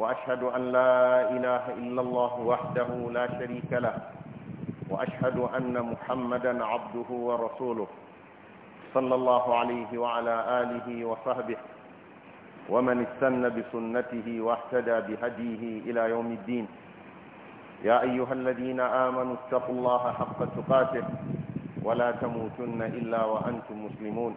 وأشهد أن لا إله إلا الله وحده لا شريك له وأشهد أن محمدا عبده ورسوله صلى الله عليه وعلى آله وصحبه ومن استنى بسنته واهتدى بهديه إلى يوم الدين يا أيها الذين آمنوا اتقوا الله حق تقاته ولا تموتن إلا وأنتم مسلمون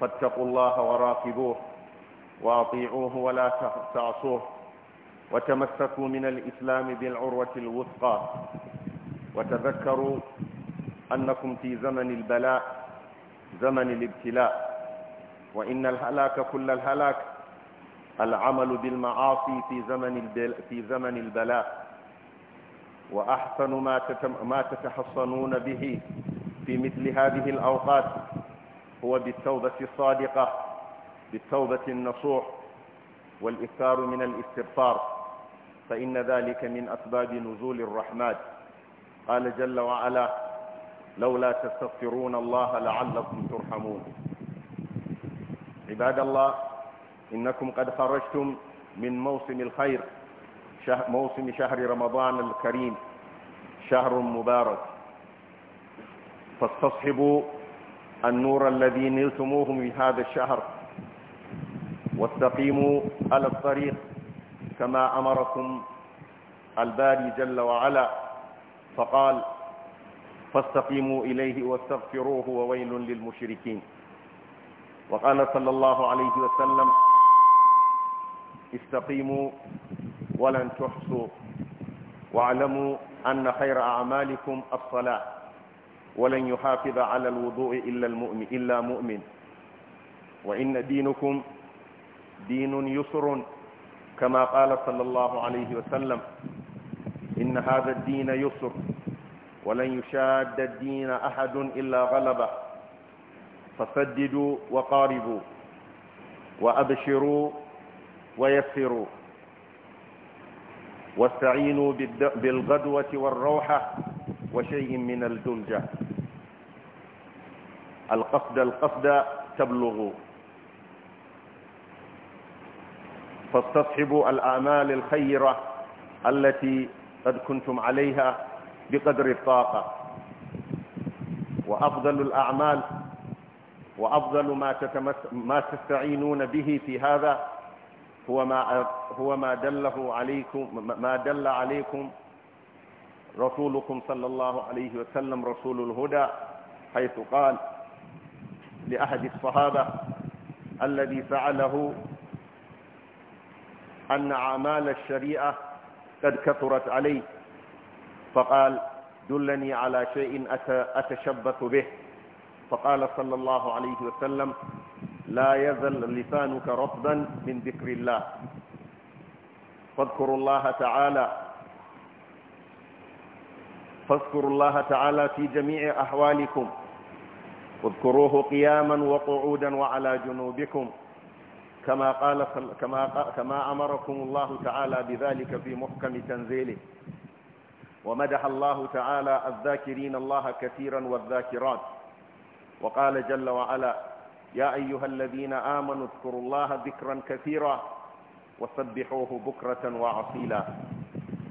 فاتقوا الله وراقبوه وأطيعوه ولا تعصوه وتمسكوا من الإسلام بالعروة الوثقى وتذكروا أنكم في زمن البلاء زمن الابتلاء وإن الهلاك كل الهلاك العمل بالمعاصي في زمن في زمن البلاء وأحسن ما ما تتحصنون به في مثل هذه الأوقات هو بالتوبة الصادقة بالتوبة النصوح والإكثار من الاستغفار فإن ذلك من أسباب نزول الرحمات قال جل وعلا لولا تستغفرون الله لعلكم ترحمون عباد الله إنكم قد خرجتم من موسم الخير شهر موسم شهر رمضان الكريم شهر مبارك فاستصحبوا النور الذي نلتموه في هذا الشهر واستقيموا على الطريق كما أمركم الباري جل وعلا فقال فاستقيموا إليه واستغفروه وويل للمشركين وقال صلى الله عليه وسلم استقيموا ولن تحصوا واعلموا أن خير أعمالكم الصلاة ولن يحافظ على الوضوء إلا المؤمن إلا مؤمن وإن دينكم دين يسر كما قال صلى الله عليه وسلم إن هذا الدين يسر ولن يشاد الدين أحد إلا غلبه فسددوا وقاربوا وأبشروا ويسروا واستعينوا بالغدوة والروحة وشيء من الدنجة القصد القصد تبلغ فاستصحبوا الأعمال الخيرة التي قد كنتم عليها بقدر الطاقة وأفضل الأعمال وأفضل ما, تتمس ما تستعينون به في هذا هو ما, هو ما دله عليكم ما دل عليكم رسولكم صلى الله عليه وسلم رسول الهدى حيث قال لأحد الصحابة الذي فعله أن أعمال الشريعة قد كثرت عليه فقال دلني على شيء أتشبث به فقال صلى الله عليه وسلم لا يزل لسانك رطبا من ذكر الله فاذكروا الله تعالى فاذكروا الله تعالى في جميع أحوالكم واذكروه قياما وقعودا وعلى جنوبكم كما قال كما كما امركم الله تعالى بذلك في محكم تنزيله ومدح الله تعالى الذاكرين الله كثيرا والذاكرات وقال جل وعلا يا ايها الذين امنوا اذكروا الله ذكرا كثيرا وسبحوه بكره وعصيلا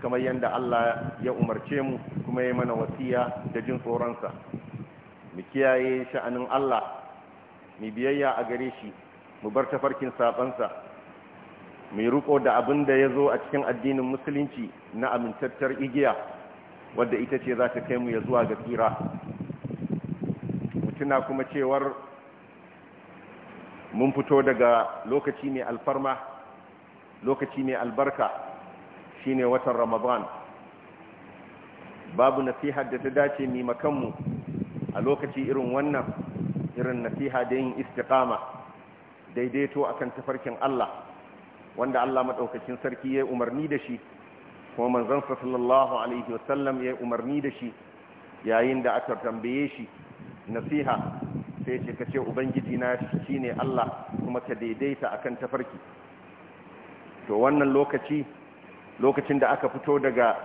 kamar yadda Allah ya umarce mu kuma ya mana wasiya da jin tsoronsa mu kiyaye sha'anin Allah mu biyayya a gare shi mu bar tafarkin sabansa mu riko da abin da ya zo a cikin addinin musulunci na amintattar igiya wadda ita ce za ta kai mu ya zuwa ga tsira mutuna kuma cewar mun fito daga lokaci mai alfarma lokaci mai albarka shine watan ramadan babu nasihar da ta dace mi makanmu a lokaci irin wannan irin nasiha da yin istiqama daidaito akan tafarkin Allah wanda Allah madaukakin sarki ya umarni da shi kuma manzon sallallahu alaihi wasallam ya umarni da shi yayin da aka tambaye shi nasiha sai ce kace ubangiji na shine Allah kuma ka daidaita akan tafarki to wannan lokaci lokacin da aka fito daga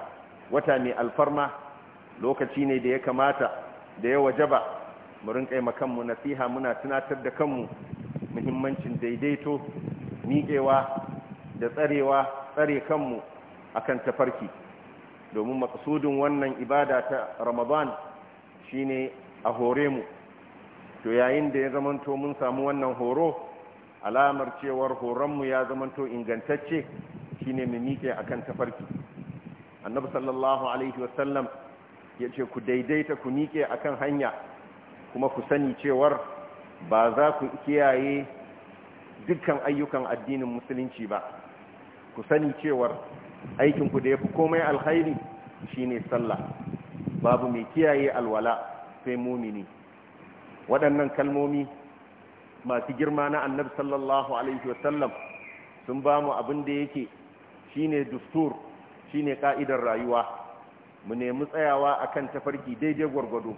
wata mai alfarma lokaci ne da ya kamata da ya wajaba murin kanmu nasiha muna tunatar da kanmu muhimmancin daidaito miƙewa da tsarewa tsare kanmu akan tafarki domin makasudin wannan ibada ta ramadan shine a hore mu to yayin da ya zamanto mun samu wannan horo alamar cewar horonmu ya zamanto ingantacce shine mu miƙe akan tafarki annabi sallallahu alaihi wasallam ya ce ku daidaita ku miƙe akan hanya kuma ku sani cewar ba za ku kiyaye dukkan ayyukan addinin musulunci ba ku sani cewar aikinku da ya fi komai alkhairi shine sallah babu mai kiyaye alwala sai mumini waɗannan kalmomi masu girma na annabi sallallahu alaihi wasallam sun ba mu abin da yake shine dustur shine ka'idar rayuwa mu nemi tsayawa a kan tafarki daidai gwargwado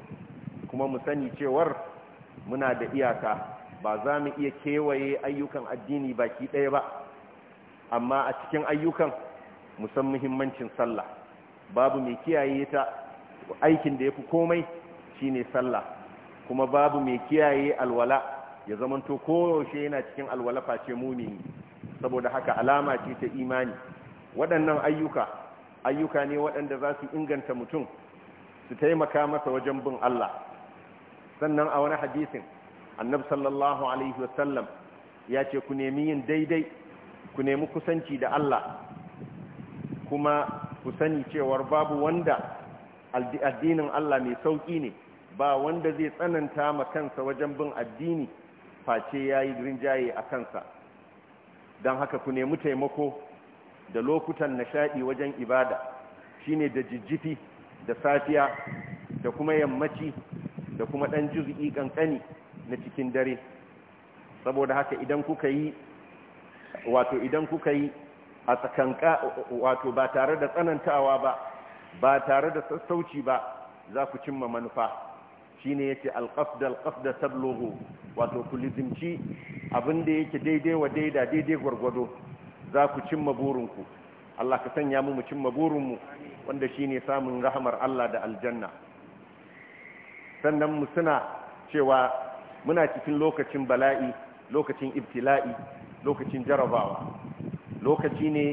kuma mu sani cewar muna da iyaka ba za mu iya kewaye ayyukan addini baki ɗaya ba amma a cikin ayyukan mu san muhimmancin sallah babu mai kiyaye ta aikin da ya fi komai shine sallah kuma babu mai kiyaye alwala ya zamanto koyaushe yana cikin alwala face mumini saboda haka alama ce ta imani waɗannan ayyuka ayyuka ne waɗanda za su inganta mutum su taimaka masa wajen bin Allah sannan a wani hadisin annab sallallahu alaihi wasallam ya ce ku nemi yin daidai ku nemi kusanci da Allah kuma ku sani cewar babu wanda addinin Allah mai sauƙi ne ba wanda zai tsananta ma kansa wajen bin addini face ya yi rinjaye a kansa don haka ku nemi taimako da lokutan nishaɗi wajen ibada shine da jijjifi da safiya da kuma yammaci da kuma dan juz'i kankani na cikin dare saboda haka idan kuka yi wato idan kuka yi a tsakanka wato ba tare da tsanantawa ba ba tare da sassauci ba za ku cimma manufa shine yace alqafda alqafda tablughu wato zimci abinda yake daidai wa daida daidai gwargwado za ku cimma burinku Allah ka sanya mu mu cimma burinmu wanda ne samun rahamar Allah da aljanna sannan mu suna cewa muna cikin lokacin bala'i lokacin ibtila'i lokacin jarabawa lokaci ne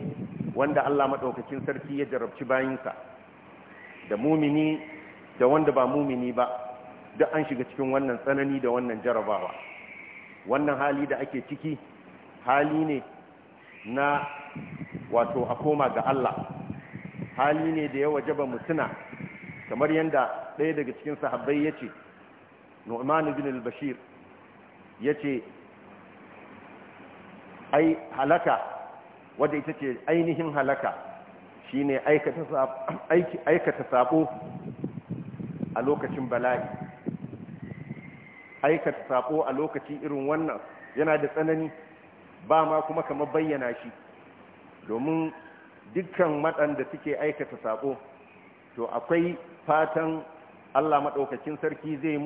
wanda Allah maɗaukakin sarki ya jarabci bayinsa da mumini da wanda ba mumini ba duk an shiga cikin wannan tsanani da wannan jarabawa wannan hali da ake ciki hali ne na wato a koma ga Allah hali ne da ya wajaba mutuna kamar yadda ɗaya daga cikin sahabbai ya ce nu'man bin al-bashir ya ce ai halaka wadda ita ce ainihin halaka shine aikata sabo a lokacin bala'i aikata sabo a lokaci irin wannan yana da tsanani ba ma kuma kamar bayyana shi domin dukkan waɗanda suke aikata saƙo to akwai fatan Allah maɗaukakin sarki zai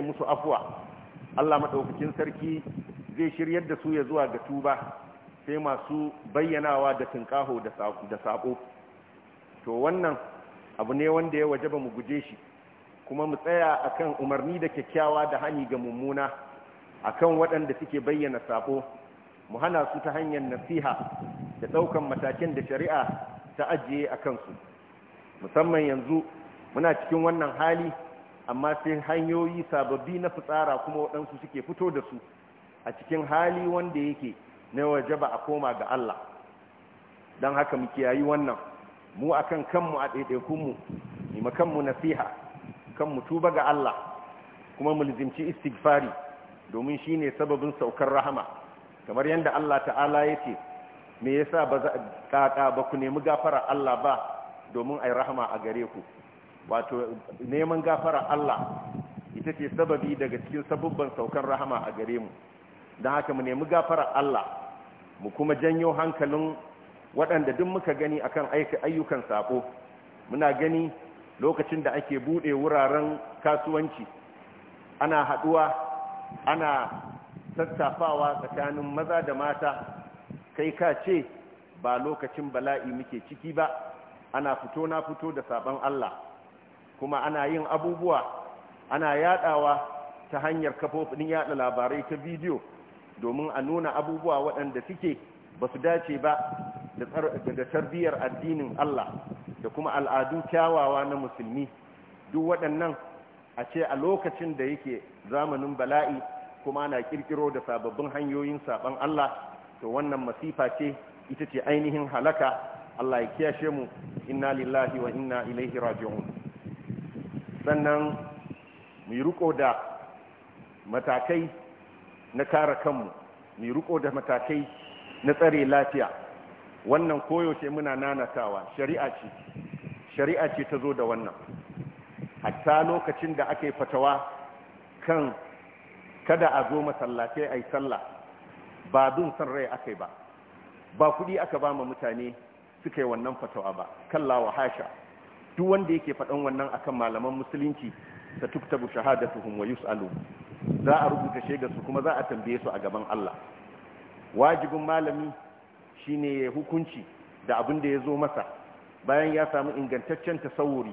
musu afuwa Allah maɗaukakin sarki zai shiryar da su ya zuwa ga tuba sai masu bayyanawa da tunƙaho da saƙo to wannan abu ne wanda ya waje ba mu guje shi kuma mu tsaya akan umarni da kyakkyawa da hani ga mummuna akan waɗanda suke bayyana saƙo mu hana su ta hanyar nasiha da ɗaukan matakin da shari'a ta ajiye a kansu musamman yanzu muna cikin wannan hali amma sai hanyoyi sababbi na fitsara kuma waɗansu suke fito da su a cikin hali wanda yake na waje ba a koma ga Allah don haka mu kiyayi wannan mu akan kanmu a ɗaiɗaikunmu nima kanmu nasiha kanmu tuba ga Allah kuma mulzimci istighfari domin shi ne sababin saukar rahama kamar yadda Allah ta'ala ya ce me ya sa ba kaka ba ku nemi gafara Allah ba domin yi rahama a gare ku wato neman gafara Allah ita ce sababi daga cikin sabubban saukan rahama a gare mu don haka mu nemi gafara Allah mu kuma janyo hankalin waɗanda duk muka gani akan ayyukan saƙo muna gani lokacin da ake buɗe wuraren kasuwanci ana haɗuwa ana sassafawa tsakanin maza da mata kai ka ce ba lokacin bala'i muke ciki ba ana fito na fito da sabon Allah kuma ana yin abubuwa ana yadawa ta hanyar kafofin yada labarai ta bidiyo domin a nuna abubuwa waɗanda suke ba su dace ba da tarbiyyar addinin Allah da kuma al'adu kyawawa na musulmi duk waɗannan a ce a lokacin da yake zamanin bala'i kuma na kirkiro da sababbin hanyoyin saban Allah to wannan masifa ce ita ce ainihin halaka Allah ya kiyashe mu inna lillahi wa inna ilaihi raji'un sannan mu riko da matakai na kare kanmu mu riko da matakai na tsare lafiya wannan koyo ce muna nanatawa shari'a ce shari'a ce ta zo da wannan hatta lokacin da aka yi fatawa kan kada a zo masallatai a yi sallah ba bin son rai aka ba ba kuɗi aka ba ma mutane suka yi wannan fatawa ba kallawa wa hasha duk wanda yake faɗan wannan akan malaman musulunci ta tuktabu shahadatuhum wa yus'alu za a rubuta shaidar su kuma za a tambaye su a gaban Allah wajibin malami shine ya hukunci da abin da ya zo masa bayan ya samu ingantaccen tasawuri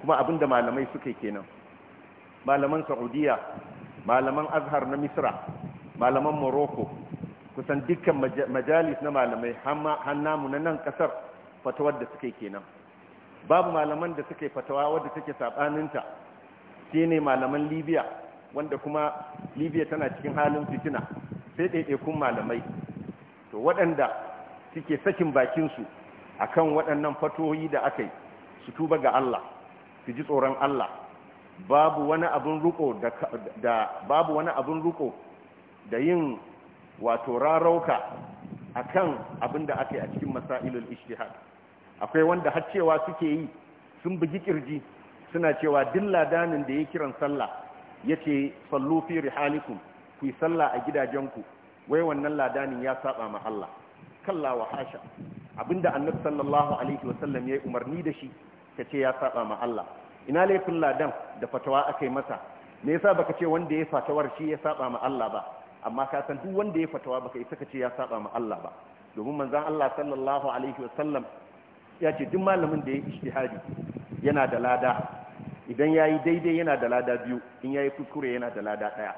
kuma abinda malamai suka kenan malaman saudiya malaman azhar na misra malaman morocco kusan dukkan majalis na malamai hannamu na nan kasar fatawar da suke kenan babu malaman da suke fatawa wadda suke sabaninta shi ne malaman libya wanda kuma libya tana cikin halin fitina sai ɗaiɗaikun malamai to waɗanda suke sakin bakinsu a kan waɗannan fatoyi da aka yi su tuba ga allah su ji tsoron allah babu wani abin ruko da, babu wani abin ruko da yin wato rarauka akan abin da aka yi a cikin masailul ijtihad akwai wanda har cewa suke yi sun bugi kirji suna cewa din ladanin da ya kiran sallah yace sallu fi rihalikum ku yi sallah a gidajenku wai wannan ladanin ya saba ma Allah kalla wa hasha abinda annabi sallallahu alaihi wasallam yayi umarni da shi kace ya saba ma Allah ina laifin ladan da fatawa aka yi masa me yasa baka ce wanda ya fatawar shi ya saba ma Allah ba amma ka san duk wanda ya fatawa baka isa ka ce ya saba ma Allah ba domin manzon Allah sallallahu alaihi wasallam ya ce duk malamin da ya ijtihadi yana da lada idan yayi daidai yana da lada biyu in yayi kuskure yana da lada daya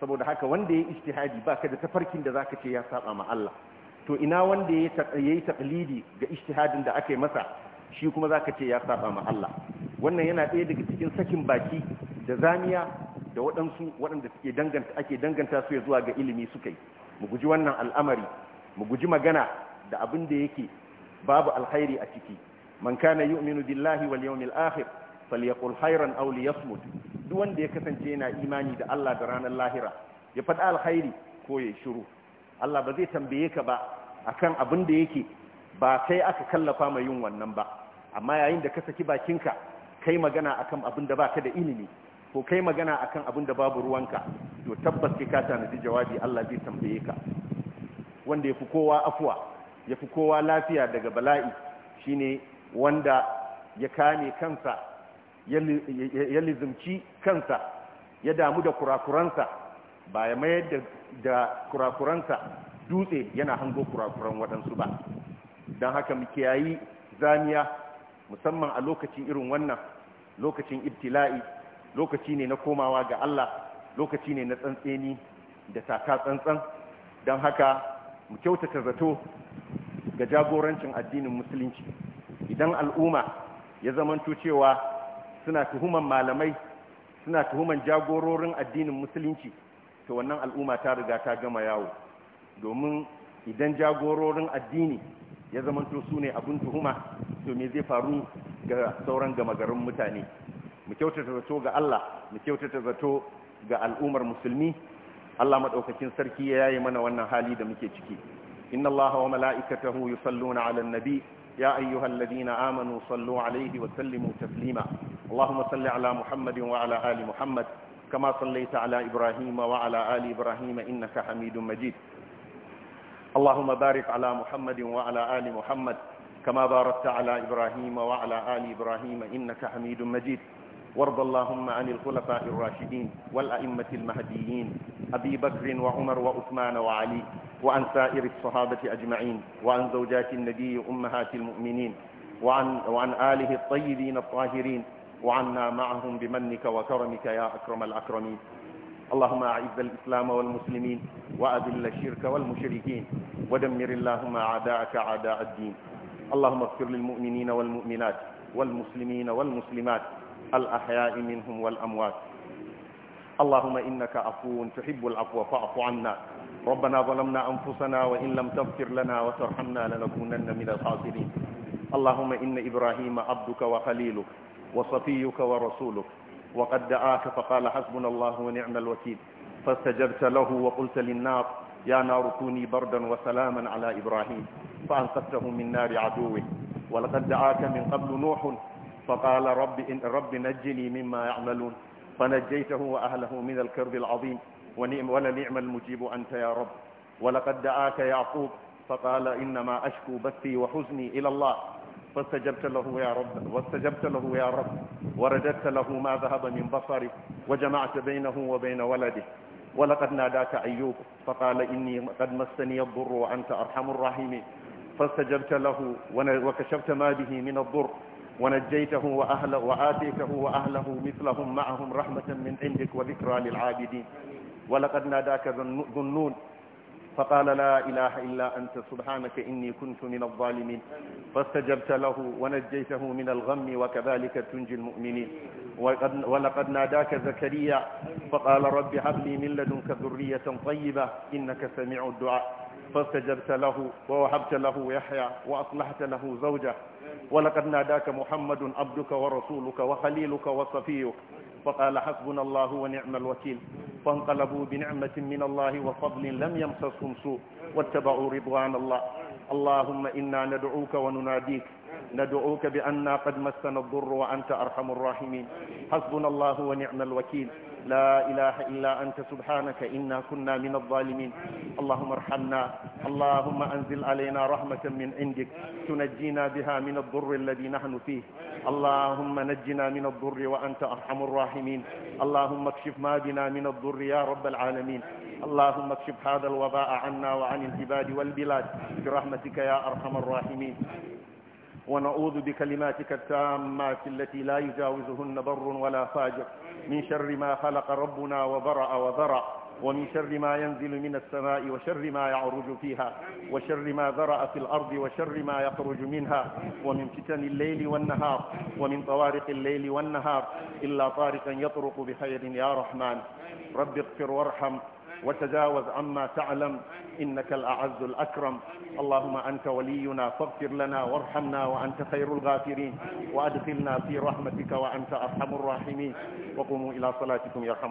saboda haka wanda ya ijtihadi baka da tafarkin da zaka ce ya saba ma Allah to ina wanda ya yi taqlidi ga ijtihadin da aka yi masa shi kuma zaka ce ya saba ma Allah wannan yana ɗaya daga cikin sakin baki da zamiya da waɗansu waɗanda suke danganta ake danganta su ya zuwa ga ilimi suka yi mu guji wannan al'amari mu guji magana da abin da yake babu alkhairi a ciki man kana yu'minu billahi wal yawmil akhir falyaqul khairan aw liyasmut duk wanda ya kasance yana imani da Allah da ranar lahira ya faɗa alkhairi ko ya shiru Allah ba zai tambaye ka ba akan abin da yake ba sai aka kallafa mai yin wannan ba amma yayin da ka saki bakinka kai magana akan abin da baka da ilimi ko kai magana akan abin da babu ruwanka to tabbas kai ka tanadi jawabi Allah zai tambaye ka wanda yafi kowa afwa yafi kowa lafiya daga bala'i shine wanda ya kame kansa ya lizimci kansa ya damu da kurakuransa ba ya mayar da kurakuransa dutse yana hango kurakuran waɗansu ba don haka mu kiyayi zamiya musamman a lokacin irin wannan lokacin ibtila'i lokaci ne na komawa ga Allah lokaci ne na tsantseni da taka tsantsan don haka mu kyautata zato ga jagorancin addinin musulunci idan al'umma ya zamanto cewa suna tuhuman malamai suna tuhuman jagororin addinin musulunci to wannan al'umma ta riga ta gama yawo domin idan jagororin addini ya zamanto su ne abin tuhuma to me zai faru ga sauran gama garin mutane mu kyautata zato ga Allah mu kyautata zato ga al'ummar musulmi Allah madaukakin sarki ya yayi mana wannan hali da muke ciki inna Allah wa mala'ikatahu yusalluna 'alan nabi ya ayyuhalladhina amanu sallu 'alayhi wa sallimu taslima Allahumma salli 'ala Muhammadin wa 'ala ali Muhammad kama sallaita 'ala Ibrahim wa 'ala ali Ibrahim innaka Hamidum Majid اللهم بارك على محمد وعلى آل محمد كما باركت على إبراهيم وعلى آل إبراهيم إنك حميد مجيد وارض اللهم عن الخلفاء الراشدين والأئمة المهديين أبي بكر وعمر وأثمان وعلي وعن سائر الصحابة أجمعين وعن زوجات النبي أمهات المؤمنين وعن, وعن آله الطيبين الطاهرين وعنا معهم بمنك وكرمك يا أكرم الأكرمين اللهم أعز الإسلام والمسلمين وأذل الشرك والمشركين ودمر اللهم أعداءك أعداء الدين اللهم اغفر للمؤمنين والمؤمنات والمسلمين والمسلمات الأحياء منهم والأموات اللهم إنك عفو تحب العفو فاعف عنا ربنا ظلمنا أنفسنا وإن لم تغفر لنا وترحمنا لنكونن من الخاسرين اللهم إن إبراهيم عبدك وخليلك وصفيك ورسولك وقد دعاك فقال حسبنا الله ونعم الوكيل فاستجبت له وقلت للنار يا نار كوني بردا وسلاما على إبراهيم فأنقذته من نار عدوه ولقد دعاك من قبل نوح فقال رب, إن رب نجني مما يعملون فنجيته وأهله من الكرب العظيم ونعم ولنعم المجيب أنت يا رب ولقد دعاك يعقوب فقال إنما أشكو بثي وحزني إلى الله فاستجبت له يا رب واستجبت له يا رب ورددت له ما ذهب من بصره وجمعت بينه وبين ولده ولقد ناداك أيوب فقال إني قد مسني الضر وأنت أرحم الراحمين فاستجبت له وكشفت ما به من الضر ونجيته وأهله وآتيته وأهله مثلهم معهم رحمة من عندك وذكرى للعابدين ولقد ناداك ذو النون فقال لا إله إلا أنت سبحانك إني كنت من الظالمين فاستجبت له ونجيته من الغم وكذلك تنجي المؤمنين ولقد ناداك زكريا فقال رب هب لي من لدنك ذرية طيبة إنك سميع الدعاء فاستجبت له ووهبت له يحيى وأصلحت له زوجه ولقد ناداك محمد عبدك ورسولك وخليلك وصفيك فقال حسبنا الله ونعم الوكيل فانقلبوا بنعمة من الله وفضل لم يمسسهم سوء واتبعوا رضوان الله اللهم إنا ندعوك ونناديك ندعوك بأننا قد مسنا الضر وأنت أرحم الراحمين حسبنا الله ونعم الوكيل لا إله إلا أنت سبحانك إنا كنا من الظالمين اللهم ارحمنا اللهم أنزل علينا رحمة من عندك تنجينا بها من الضر الذي نحن فيه اللهم نجنا من الضر وأنت أرحم الراحمين اللهم اكشف ما بنا من الضر يا رب العالمين اللهم اكشف هذا الوباء عنا وعن العباد والبلاد برحمتك يا أرحم الراحمين ونعوذ بكلماتك التامات التي لا يجاوزهن بر ولا فاجر من شر ما خلق ربنا وبرأ وذرأ ومن شر ما ينزل من السماء وشر ما يعرج فيها وشر ما ذرأ في الأرض وشر ما يخرج منها ومن فتن الليل والنهار ومن طوارق الليل والنهار إلا طارقا يطرق بخير يا رحمن رب اغفر وارحم وتجاوز عما تعلم إنك الأعز الأكرم اللهم أنت ولينا فاغفر لنا وارحمنا وأنت خير الغافرين وأدخلنا في رحمتك وأنت أرحم الراحمين وقوموا إلى صلاتكم يرحم